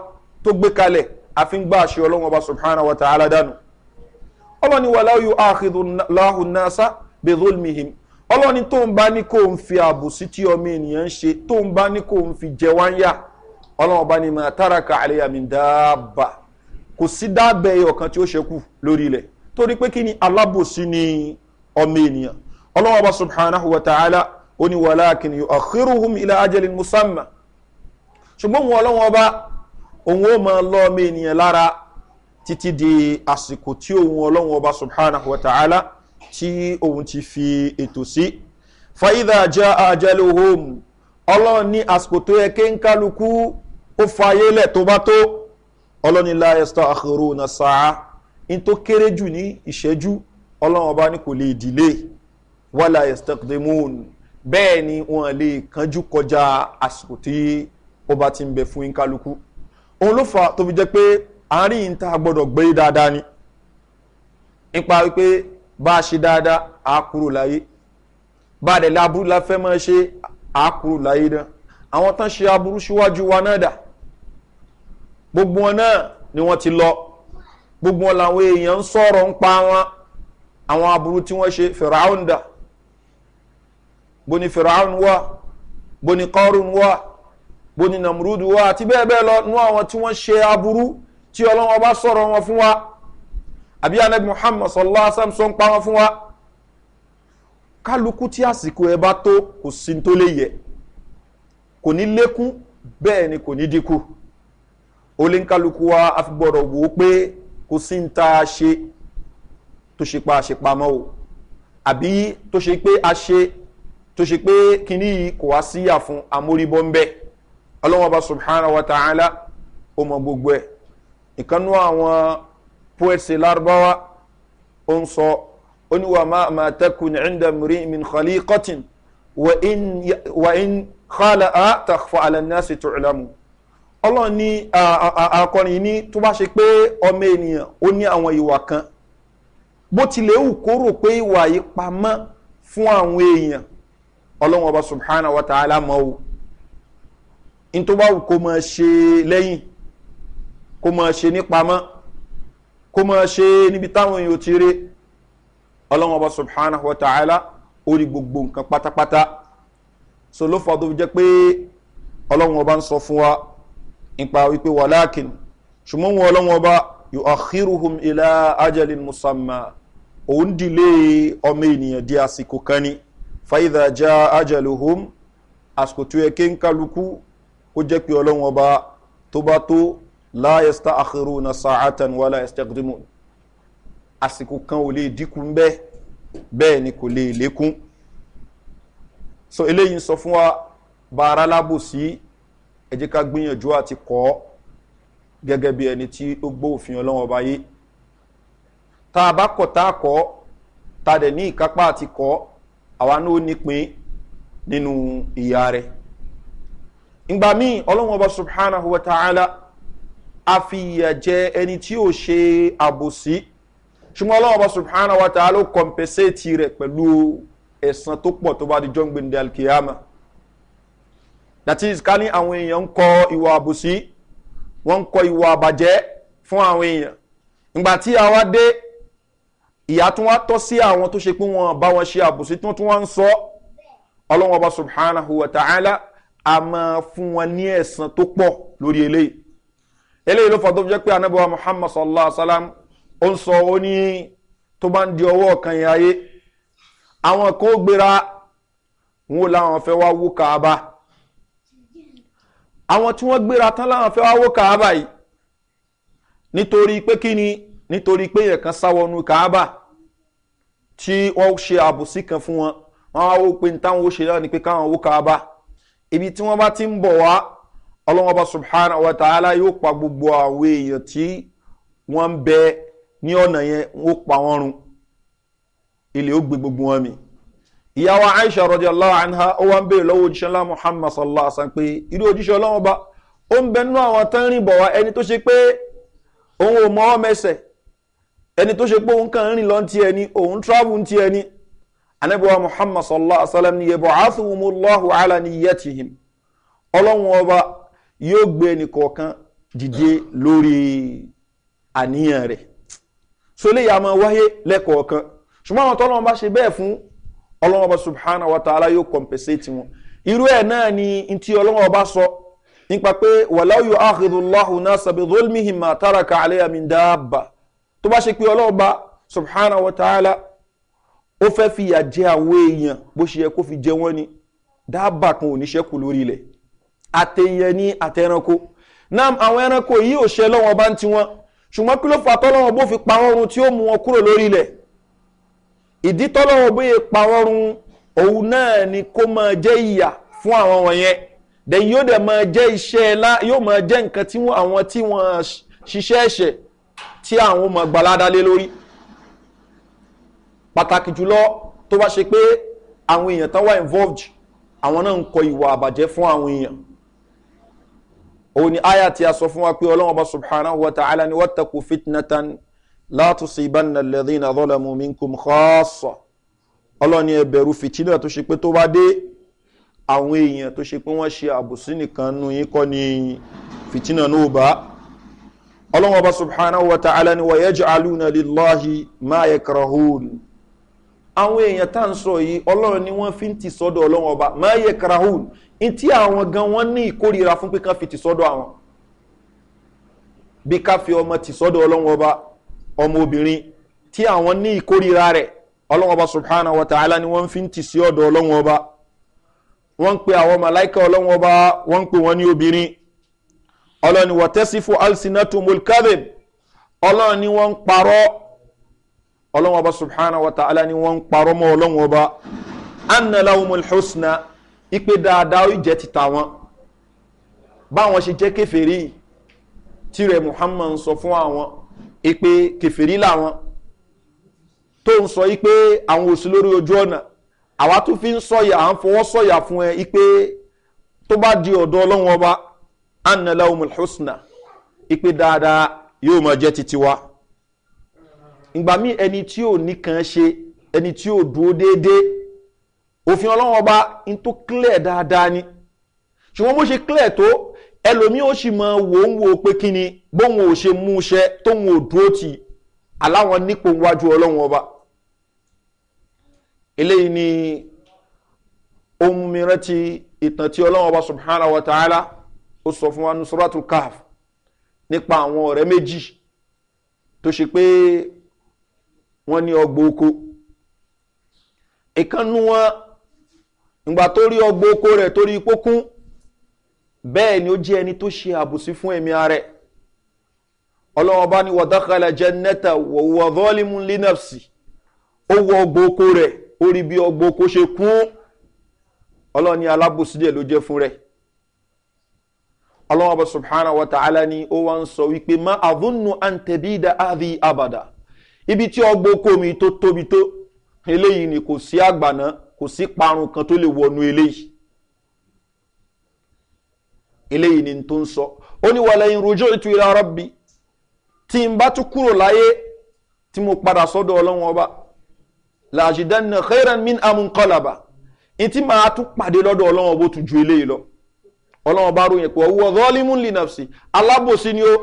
tó gbé kalẹ̀ àfi ń gbá àṣẹ ọlọ́run ọba subhanahu wa ta'ala dànù ọlọ́ni wà láwùú àhìdùláhùn náà sá bẹ́ẹ̀dọ́lmìhìm ọlọ́ni tó ń bá ní kó ń fi àbùsí tí ọmọ ènìyàn ń ṣe tó ń bá ní kó ń fi jẹ wáyà ọlọ́run ọba ni mà tàràkà àlẹ́yàmí dáàbà kò sí dáàbẹ̀ ọ̀kan tí ó ṣekú lórí ilẹ̀ torí pé kí ni alábòsí ni ọmọ ènìyàn ọlọ́wọ́n bá subhanahu wa ta'ala ó ní wàhálà kìnnì ọ̀hírùhùm ilẹ̀ ajẹ́lẹ̀ musamma ṣùgbọ́n wọn ọlọ́wọ́n bá òun ó máa lọ ọmọ ènìyàn lára títí di àsìkò tí òun ọlọ́wọ́n bá subhanahu wa ta'ala tí òun ti fi ètò sí fàyídà jẹ́ ajẹ́lẹ̀ ohun ọlọ́run ní àsìkò tó yẹ kéńkálukú ó fayé tó bá tó ọlọ́run láyé sọ àkèrò náà sáà ní tó kéré jù ní ìṣẹ́jú ọlọ́run ọba ní kò lè dìlé wàlà estekdemoon bẹ́ẹ̀ ni wọn lè kanjú kọjá àsìkò tí ọba ti ń bẹ fún kálukú òun ló fà tó fi jẹ́ pé àárín yìí ń gbọ́dọ̀ gbé dáadáa ni nípa wípé bá a ṣe dáadáa á kúrò láyé bá a dẹ̀ lé la fẹ́ máa ṣe á kúrò láyé náà àwọn tán ṣe aburú síwájú wa náà dà gbogbo wọn náà ni wọ́n ti lọ gbogbo wọn làwọn èèyàn ń sọ̀rọ̀ ń pa wọn àwọn aburú tí wọ́n ṣe fìràún dà bóni fìràún wà bóni kọrùn wà bóni namrudu wà àti bẹ́ẹ̀ bẹ́ẹ̀ lọ nú àwọn tí wọ́n ṣe aburú tí ọlọ́wọ́n bá sọ̀rọ̀ wọn fún wa àbí anabi muhammad sallallahu alaihi wa sallam sọ ń pa wọn fún wa kálukú tí àsìkò ẹ bá tó kò sí tó lè yẹ kò ní lékún bẹ́ẹ̀ ni kò ní dínkù ó ń kálukú wa àfi wò ó pé kò sí ń ta ṣe tó ṣe pa àṣepamọ́ o àbí tó ṣe pé a ṣe tó ṣe pé kíní yìí kò wá síyà fún amóríbọ́ ń bẹ́ ọlọ́wọ́n bá subhanahu wa ta'ala ó mọ gbogbo ẹ̀ ìkànnú àwọn poetsi larubawa ó ń sọ ó ní wà má ẹ̀ńdà mìíràn min khali wà ń khala a tàkfà alẹ́nàṣì tó ìlàmù ọlọ́run ní ní tó bá ṣe pé ọmọ ènìyàn ó ní àwọn ìwà kan bó tilẹ̀ wù kó rò pé ìwà yìí pamọ́ fún àwọn èèyàn ọlọ́run ọba subhanahu wa ta'ala mọ́ o n tó bá wù kó máa ṣe lẹ́yìn kó máa ṣe ní pamọ́ kó máa ṣe níbi táwọn èèyàn ti rí ọlọ́run ọba subhanahu wa ta'ala orí gbogbo nǹkan pátápátá so ló fà tó fi jẹ́ pé ọlọ́run ọba ń sọ fún wa nípa wípé wàláàkìn ṣùgbọ́n wọn ọlọ́run ọba yuakhiruhum ila ajalin musamma òun dìlé ọmọ ènìyàn di àsìkò kan ni fàyídà já ajaluhum àsìkò tó yẹ kí n kálukú ó jẹ́ pé ọlọ́wọ́n ọba tó bá tó láyẹ̀sítà àkèrò na sàátàn wà láyẹ̀sítà àsìkò kan ò lè dínkù bẹ́ẹ̀ bẹ́ẹ̀ ni kò lè lékún so eléyìí sọ fún wa bàrà lábòsí ẹ̀jẹ̀ ká gbìyànjú àti kọ́ ọ́ gẹ́gẹ́ bí ẹni tí ó gbó òfin ọlọ́wọ́n ọba yé tá a bá kọ̀ tá a kọ́ tá a dẹ̀ ní ìkápá àti kọ́ àwa náà ó nípin nínú ìyá rẹ̀ ìgbà míì ọlọ́wọ́n ọba subhanahu wa ta'ala a fi ìyà jẹ ẹni tí ó ṣe àbòsí ṣùgbọ́n ọlọ́wọ́n ọba subhanahu wa ta'ala ó kọ̀m̀pẹ́sẹ̀tì rẹ̀ pẹ̀lú ẹ̀sán tó pọ̀ tó bá di jọ́ngbìn dàlkìyàmà that is ká ní àwọn èèyàn ń kọ ìwà àbòsí wọ́n ń kọ ìwà àbàjẹ́ fún àwọn èèyàn ìgbà tí a wá dé ìyá tún wá tọ́ sí àwọn tó ṣe pé wọ́n bá wọn ṣe àbòsí tó tún wá ń sọ ọlọ́wọ́n ọba subhanahu wa ta'ala a máa fún wọn ní ẹ̀sán tó pọ̀ lórí eléyìí eléyìí ló fà tó jẹ́ pé anábọ́wá muhammad sallallahu alaihi wa sallam ó ń sọ ó ní tó bá ń di ọwọ́ kan yẹn ayé àwọn kan ó gbéra wọn ò láwọn fẹ́ wá wú kaaba àwọn tí wọ́n gbéra tán láwọn fẹ́ wá wó yìí nítorí pé kí ni nítorí pé èèyàn kan sá wọnú kàábà tí wọ́n ṣe àbòsí kan fún wọn wọ́n á wó pé táwọn ó ṣe náà ni pé káwọn wó kàábà ibi tí wọ́n bá ti ń bọ̀ wá ọlọ́wọ́n bá wa ta'ala yóò pa gbogbo àwọn èèyàn tí wọ́n ń bẹ ní ọ̀nà yẹn ó pa wọ́n run ilé ó gbé gbogbo wọn mìí ìyàwó aisha radiyallahu anha ó wá ń béèrè lọ́wọ́ òjíṣẹ́ ńlá muhammad sallallahu alaihi wasallam pé irú òjíṣẹ́ ọlọ́wọ́ bá ó ń bẹnu àwọn tán rìn bọ̀ wá ẹni tó ṣe pé òun ò mọ́wọ́ mẹsẹ̀ ẹni tó ṣe pé òun kàn rìn lọ ti ẹni òun travel ti ẹni anabiwa muhammad sallallahu alaihi wasallam ni yab'athuhumullahu ala niyyatihim ọlọ́wọ́n ọba yóò gbé ẹnì kọ̀ọ̀kan dìde lórí àníyàn rẹ̀ so wáyé lẹ́kọ̀ọ̀kan ṣùgbọ́n àwọn tọ́lọ́wọ́n bá ṣe bẹ́ẹ̀ fún ọlọ́wọ́n ọba subhanahu wa ta'ala yóò compensate wọn irú ẹ̀ náà ni ntí ọlọ́wọ́n ọba sọ nípa pé wàláwù yóò áhìdù lọ́hùn náà sàbí zolmihim àtàrà kàlẹ́ àmì dáàbà tó bá ṣe pé ọlọ́wọ́n ọba subhanahu wa ta'ala ó fẹ́ fìyà jẹ àwọn èèyàn bó ṣe yẹ kó fi jẹ wọ́n ni dáàbà kan ò ní ṣẹ́kù lórí ilẹ̀ àtẹ̀yẹ ní àtẹranko náà àwọn ẹranko yìí ò ṣe lọ́wọ́n ọba ń tiwọn ṣùgbọ́n kí ló fà tọ́lọ́wọ́n bó fi pa wọ́n run tí ó mú wọn kúrò lórí ilẹ̀ ìdí tọ́lọ́wọ́ bóyá pa wọ́n run òun náà ni kó máa jẹ́ ìyà fún àwọn wọ̀nyẹn dẹ̀ yóò dẹ̀ máa jẹ́ iṣẹ́ ńlá yóò máa jẹ́ nǹkan tí àwọn tí wọ́n ṣiṣẹ́ ẹ̀ṣẹ̀ tí àwọn máa gbalada lé lórí pàtàkì jùlọ tó bá ṣe pé àwọn èèyàn tán wà involved àwọn náà ń kọ ìwà àbàjẹ́ fún àwọn èèyàn òun ni aya tí a sọ fún wa pé ọlọ́wọ́n bá subhanahu wa ta'ala ni wọ́n tẹ̀kù fitnatan látùsíbánà lẹ́dínà zọ́lẹ̀mù minkum khassa ọlọ́ni ẹbẹ̀rù fìtínà tó ṣe pé tó bá dé àwọn èèyàn tó ṣe pé wọ́n ṣe àbùsí nìkan nu yín kọ́ ni fìtínà náà bá ọlọ́wọ́n bá subhanahu wa ta'ala ni wọ́n yẹ́jọ́ alúna lillahi máa yẹ karahun àwọn èèyàn tá à sọ yìí ọlọ́run ni wọ́n fi ń ti sọ́dọ̀ ọlọ́run ọba máa yẹ karahun ní tí àwọn gan wọ́n ní ìkórira fún pé ká fi ti sọ́dọ̀ àwọn bí ká fi ọmọ ti sọ́dọ̀ ọlọ́run ọba ọmọbìnrin tí àwọn ní ìkórira rẹ̀ ọlọ́wọ́ba subhana wa ta'ala ni wọ́n fi ń tì sí ọ̀dọ̀ ọlọ́wọ́ba wọ́n ń pe àwọn màláìka ọlọ́wọ́ba wọ́n ń pe wọ́n ní obìnrin ọlọ́ni wọ́n tẹ́sí fún alsinatu mulkabib ọlọ́run ni wọ́n ń parọ́ ọlọ́wọ́ba subhana wa ta'ala ni wọ́n ń parọ́ mọ́ ọlọ́wọ́ba annalawumul husna ipe dáadáa ó jẹ́ ti tàwọn báwọn ṣe jẹ́ kẹfẹ́rí tirẹ̀ muhammad sọ fún àwọn ìpè kẹfìrí làwọn tó ń sọ yìí pé àwọn òsì lórí ojú ọ̀nà àwa tó fi ń sọ̀yà à ń fọwọ́ sọ̀yà fún ẹ yìí pé tó bá di ọ̀dọ̀ ọlọ́run ọba annalawumul husna ìpè dáadáa yóò máa jẹ́ titi wa ìgbà míì ẹni tí ò ní kan ṣe ẹni tí ò dúró déédéé òfin ọlọ́run ọba ń tó clear dáadáa ni ṣùgbọ́n bó ṣe clear tó ẹlòmíì ó sì mọ wò ń wo pé kí ni bóun ò ṣe mú iṣẹ́ tóun ò dúró tì aláwọn nípò wájú ọlọ́run ọba eléyìí ni ohun mìíràn ti ìtàn tí ọlọ́run ọba subhanahu wa ta'ala ó sọ fún wa nusratul kaf nípa àwọn ọ̀rẹ́ méjì tó ṣe pé wọ́n ní ọgbà oko ìkànnú wọn ìgbà tó rí ọgbà oko rẹ̀ torí pókún bẹ́ẹ̀ ni ó jẹ́ ẹni tó ṣe àbùsí fún ẹ̀mí ààrẹ ọlọ́wọ́n bá ní wàdákàlà jẹ́ nẹ́ta wọ̀wọ̀ vọ́ọ̀lìmù linafsi ó wọ ọgbọ oko rẹ̀ ó rí bí ọgbọ oko ṣe kún ọlọ́ni alábùsílẹ̀ ló jẹ́ fún rẹ̀ ọlọ́wọ́n bá subhana wa ta'ala ni ó wá ń sọ wípé má àdúnnù àǹtẹ̀bídà àdì abàdà ibi tí ọgbọ oko mi tó tóbi tó eléyìí ni kò sí àgbàná kò sí parun kan tó lè wọnú eléyìí eléyìí ni tó ń sọ ó ní wàlẹ̀ yín rojọ́ ètò ìlà rọ́bì tí n bá tún kúrò láyé tí mo padà sọ́dọ̀ ọlọ́run ọba làjìdánná khairan min amunkọlaba n tí màá tún pàdé lọ́dọ̀ ọlọ́run ọba ó tún ju eléyìí lọ ọlọ́run ọba ròyìn pé ọwọ́ zọ́ọ́límù linafsi alábòsí ni ó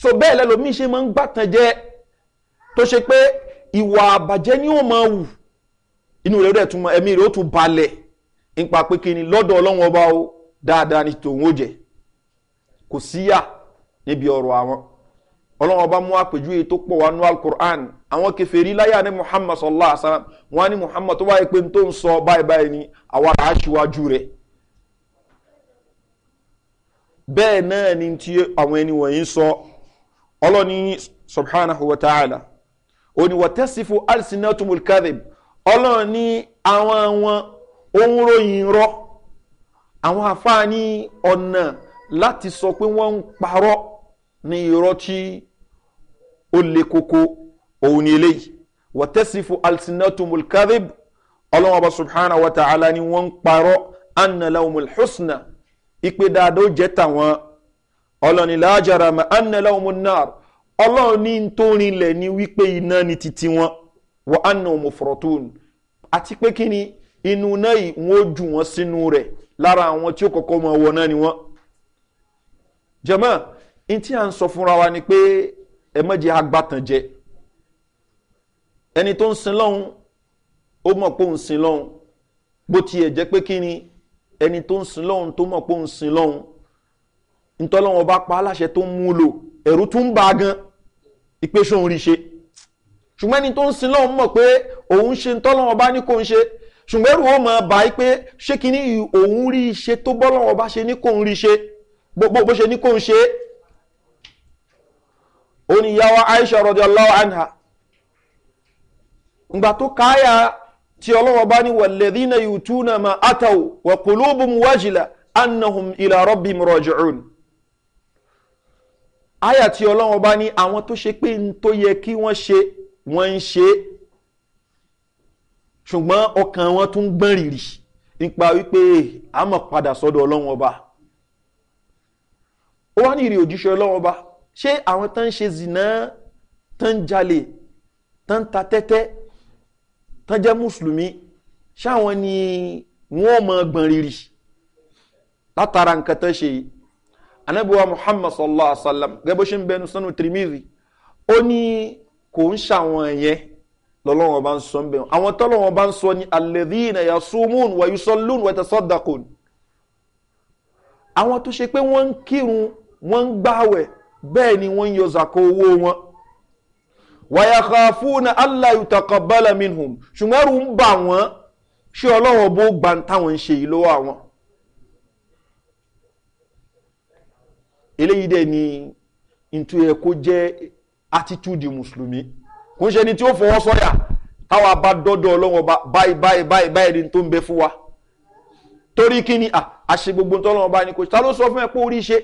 so bẹ́ẹ̀ lẹ́lòmíì ṣe máa ń gbàtàn jẹ́ tó ṣe pé ìwà àbàjẹ́ ni ó máa wù inú rẹ̀ ó dẹ̀ tún ẹ̀mí rẹ̀ ó tún balẹ̀ nípa pé kí ni lọ́dọ̀ ọlọ́run ọba o dáadáa ni tòun ó jẹ kò síyà níbi ọ̀rọ̀ àwọn ọlọ́run ọba mú àpèjúwe tó pọ̀ wá nú alukur'an àwọn kẹfẹ́rí láyà ní muhammad sallallahu alaihi wa sallam wọn ní muhammad tó wáyé pé n tó ń sọ báyìí báyìí ni àwa rà á ṣíwájú rẹ̀ bẹ́ẹ̀ náà ni tí àwọn ẹni wọ̀nyí sọ ọlọ́ni subhanahu wa ta'ala òní wà tẹ́sífù alsinatumul kadhib ọlọ́ni àwọn wọn ohun ròyìn àwọn àfáà ní ọ̀nà láti sọ pé wọ́n ń parọ́ ní irọ́ tí ó le koko òun ni eléyìí wàtẹ́sífù alsinatumul kadhib ọlọ́wọ́n ọba subhana wa ta'ala ni wọ́n ń parọ́ annalawumul husna ipe dáadáa jẹ́ tàwọn ọlọ́ni lájàrà mà annalawumul nar ọlọ́run ní tó rinlẹ̀ ni wípé iná ni titi wọn wà annalawumul fortune àti pé kí ni inú náà yìí wọ́n jù wọ́n sínú rẹ̀ lára àwọn tí ó kọ́kọ́ mọ ọwọ́ náà ni wọ́n. jẹ́mọ́ n tí à ń sọ fúnra wa ni pé ẹ mọ̀jẹ̀ agbátàn jẹ ẹni tó ń sin lọ́hún ó mọ̀ pé òun sin lọ́hún bó tiẹ̀ jẹ́ pé kí ni ẹni tó ń sin lọ́hún tó mọ̀ pé òun sin lọ́hún ntọ́lọ́wọ́n bá pa aláṣẹ tó ń mú lò ẹ̀rú tún bá a gan ìpèsè òun rí ṣe ṣùgbọ́n ẹni tó ń sin lọ́hún mọ̀ pé òun ṣe ntọ́lọ́wọ́n bá ní kò ń ṣe ṣùgbọ́n ẹrù ó máa bá yí pé ṣé kí ni òun rí i ṣe tó bọ́ lọ́wọ́ bá ṣe ní kóun rí i ṣe bó ṣe ní kóun ṣe é ó ní ìyá wa Aisha radiyallahu anha ngbà tó káyà tí ọlọ́wọ́ bá ní walladhina yutuna ma ataw wa qulubuhum wajila annahum ila rabbihim raji'un àyà tí ọlọ́wọ́ bá ní àwọn tó ṣe pé n tó yẹ kí wọ́n ṣe wọ́n ń ṣe é ṣùgbọ́n ọkàn wọn tún gbọ́n rìrì nípa wípé a mọ̀ padà sọ́dọ̀ ọlọ́run ọba ó wá ní ìrì òjíṣẹ́ ọlọ́run ọba ṣé àwọn tán ń ṣe zìnà tán ń jalè tán ń ta tẹ́tẹ́ tán jẹ́ mùsùlùmí ṣáwọn ni wọ́n mọ̀ gbọ̀n rìrì látara nǹkan tán ṣe yìí anabiwa muhammad sallallahu alaihi wa sallam gẹ́gẹ́ bó ṣe ń bẹnu sanu tirimizi ó ní kò ń ṣàwọn yẹn lọ́lọ́wọ́n bá ń sọ ń bẹ̀ àwọn tọ́lọ́wọ́n bá ń sọ ní alẹ́dínà yasumun wayusolun wẹtasọ́dàkùn àwọn tó ṣe pé wọ́n ń kírun wọ́n ń gbáwẹ̀ bẹ́ẹ̀ ni wọ́n ń yọ zàkọ owó wọn wàyàkàfúnà aláyùtàkọ̀bálàmínhùn ṣùgbọ́n ẹrù ń bà wọ́n ṣé ọlọ́wọ́n bó gbà ń táwọn ń ṣe yìí lọ́wọ́ àwọn. eléyìí dẹ̀ ni ntúyẹ jẹ́ attitude mùsùlùmí kò ń ṣe ni tí ó fọwọ́ sọ́yà táwa bá dọ́dọ̀ ọlọ́wọ́n báyìí báyìí báyìí báyìí ni tó ń bẹ fún wa torí kí ni àṣe gbogbo tọ́lọ́wọ́n bá ní kò ta ló sọ fún ẹ pé orí ṣe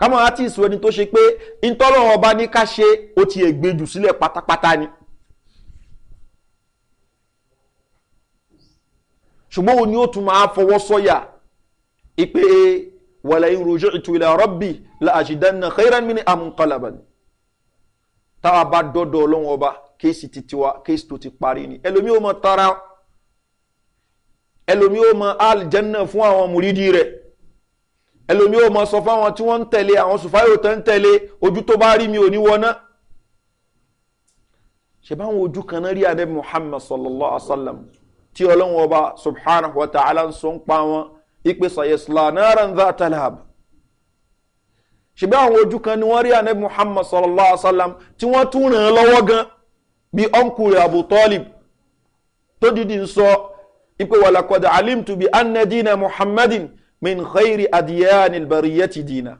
kámọ́ àti ìsọ ẹni tó ṣe pé ìtọ́lọ́wọ́n bá ní ká ṣe ó ti ẹ̀gbẹ́ jù sílẹ̀ pátápátá ni ṣùgbọ́n òun ni ó tún máa fọwọ́ sọ́yà ìpè wàlẹ́ ìròjọ́ ìtúwìlẹ̀ rọ́bì la àṣìdánná xeyran ni àmúkọlàbà ni táwa bá dọ́dọ̀ ọlọ́run ọba kéèsì ti tiwa kéèsì tó ti parí ni ẹlòmíì ó mọ tara ẹlòmíì ó mọ aljanna fún àwọn mùrídì rẹ̀ ẹlòmíì ó mọ sọ fáwọn tí wọ́n ń tẹ̀lé àwọn sùfáyò tó ń tẹ̀lé ojú tó bá rí mi ò ní wọná ṣẹ̀bá àwọn ojú kan náà rí adébí muhammad sallallahu alaihi wa sallam tí ọlọ́run ọba subhanahu wa ta'ala ń sọ ń pa wọn ìpèsè yẹsùlá náírà ń dá talab ṣebí àwọn ojú kan ni wọ́n rí anabi muhammad sallallahu alaihi wa sallam tí wọ́n tún ràn án lọ́wọ́ gan bí ọ̀nkùnrin abu talib tó dìdì ń sọ ipe wàlàkọ̀dà alimtu bi anna dina muhammadin min khayri adiyani albariyati dina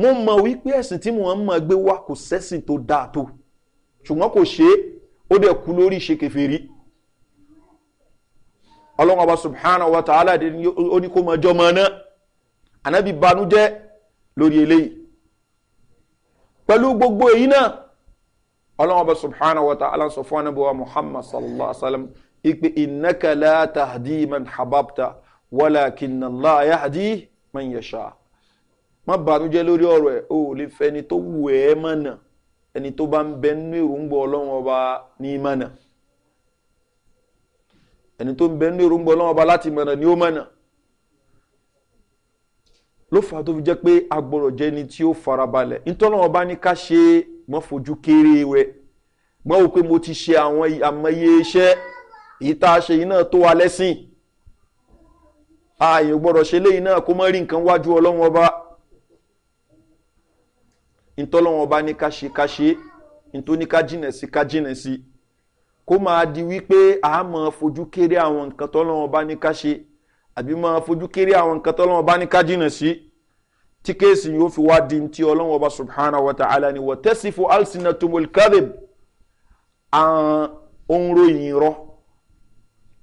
mo mọ̀ wípé ẹ̀sìn tí mo ń mọ̀ gbé wá kò sẹ́sìn tó dáa tó ṣùgbọ́n kò ṣe é ó dẹ̀ kú lórí ṣe kẹfẹ́rí subhanahu wa ta'ala ó ní kó mọ ọjọ́ mọ náà ànábì banújẹ́ lórí eléyìí pẹ̀lú gbogbo èyí náà ọlọ́wọ́n bá subhanahu wa ta'ala sọ fún anabi wa muhammad sallallahu alaihi wa sallam ipe innaka la tahdi man hababta walakin allah yahdi man yasha má bànújẹ́ lórí ọ̀rọ̀ ẹ̀ o lè fẹ́ ẹni tó wù ẹ́ mọ̀nà ẹni tó bá ń bẹ nínú èròǹgbà ọlọ́run ọba ní mọ̀nà ẹni tó ń bẹ nínú èròǹgbà ọlọ́run ọba láti mọ̀nà ni ó mọ̀nà ló fà tó fi jẹ́ pé a gbọ́dọ̀ jẹ́ ni tí ó farabalẹ̀ nítorí wọn bá ní ká ṣe mọ́ fojú kéré wẹ mọ́ wò pé mo ti ṣe àwọn àmọye iṣẹ́ èyí tá a ṣe yìí náà tó wa lẹ́sìn ààyè gbọ́dọ̀ ṣe léyìn náà kó mọ́ rí nǹkan wájú ọlọ́wọ́n ọba ntọ́lọ́wọ́n ọba ní ká ṣe ká ṣe ntóní ká jìnà sí ká jìnà sí kó máa di wípé àá mọ̀ fojú kéré àwọn nǹkan tọ́lọ́wọ́n ọba ní ká ṣe àbí máa fojú kéré àwọn nǹkan tọ́lọ́wọ́ bá ní ká jìnà sí tí kéèsì yóò fi wá di ti ọlọ́wọ́ bá subhana wa ta'ala ni wọ́n tẹ́sí fún alsina tumul kadib àwọn ohun ròyìn irọ́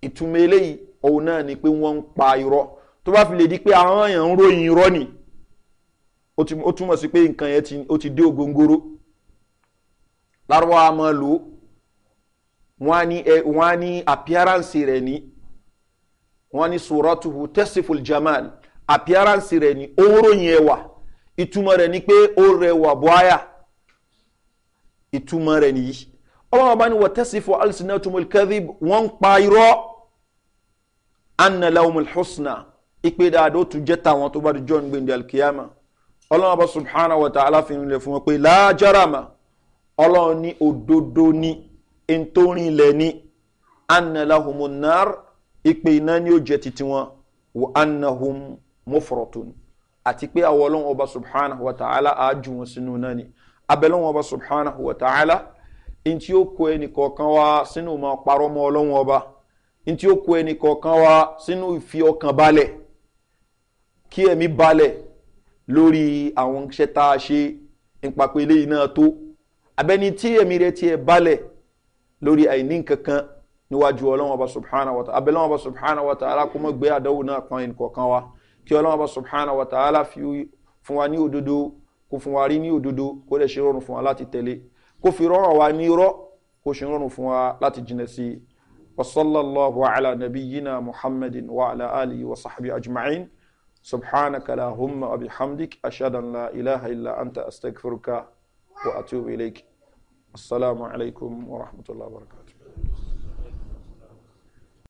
ìtumọ̀ eléyìí òun náà ni pé wọ́n ń pa irọ́ tó bá fi lè di pé àwọn èèyàn ń ròyìn irọ́ ni ó túmọ̀ sí pé nǹkan yẹn ti dé ògóngóró lárúbáwá máa lò wọ́n á ní appearance rẹ̀ ní wọ́n ní suratuhu tesiful jamal appearance rẹ̀ ni ó ròyìn ẹwà ìtumọ̀ rẹ̀ ni pé ó rẹwà bọ́áyà ìtumọ̀ rẹ̀ nìyí ọlọ́run ọba ni wọ́n tẹ́sífọ́ alsinatumul kadhib wọ́n pa irọ́ annalawumul husna ipe dáadọ́ tún jẹ́ tàwọn tó bá di john gbendi alkiyama ọlọ́run ọba subhana wa ta'ala fi rinlẹ̀ fún wọn pé lájàràmà ọlọ́run ní òdodo ní ntórinlẹ̀ ní annalawumul nar ìpè iná ni ó jẹ́ titi wọn wò anahum mufrotun àti pé àwọn ọlọ́run ọba subhanahu wa ta'ala àájú wọn sínú náà ni abẹ́lọ́run ọba subhanahu wa ta'ala in tí ó kó ẹnì kọ̀ọ̀kan wá sínú máa parọ́ mọ́ ọlọ́run ọba in tí ó kó ẹnì kọ̀ọ̀kan wá sínú ìfi ọkàn balẹ̀ kí ẹ̀mí balẹ̀ lórí àwọn iṣẹ́ tá a ṣe nípa pé eléyìí náà tó abẹ́ni tí ẹ̀mí rẹ̀ tiẹ̀ balẹ̀ lórí àìní nǹkan níwájú ọlọ́wọ́n ọba subhanahu wa ta'ala abẹ́lẹ́wọ̀n ọba subhanahu wa ta'ala kó mọ́ gbé àdánwò náà kan ẹnì kọ̀ọ̀kan wa kí ọlọ́wọ́n ọba subhanahu wa ta'ala fi fún wa ní òdodo kó fún wa rí ní òdodo kó dẹ̀ ṣe rọrùn fún wa láti tẹ̀lé kó fi rọrùn wa ní irọ́ kó ṣe rọrùn fún wa láti jìnà sí i wasallallahu ala nabiyyina muhammadin wa ala alihi wa sahbi ajma'in subhanaka la humma wa bihamdik ashadan la ilaha illa anta astaghfiruka wa atubu ilayk assalamu alaikum wa rahmatullahi wa barakatuh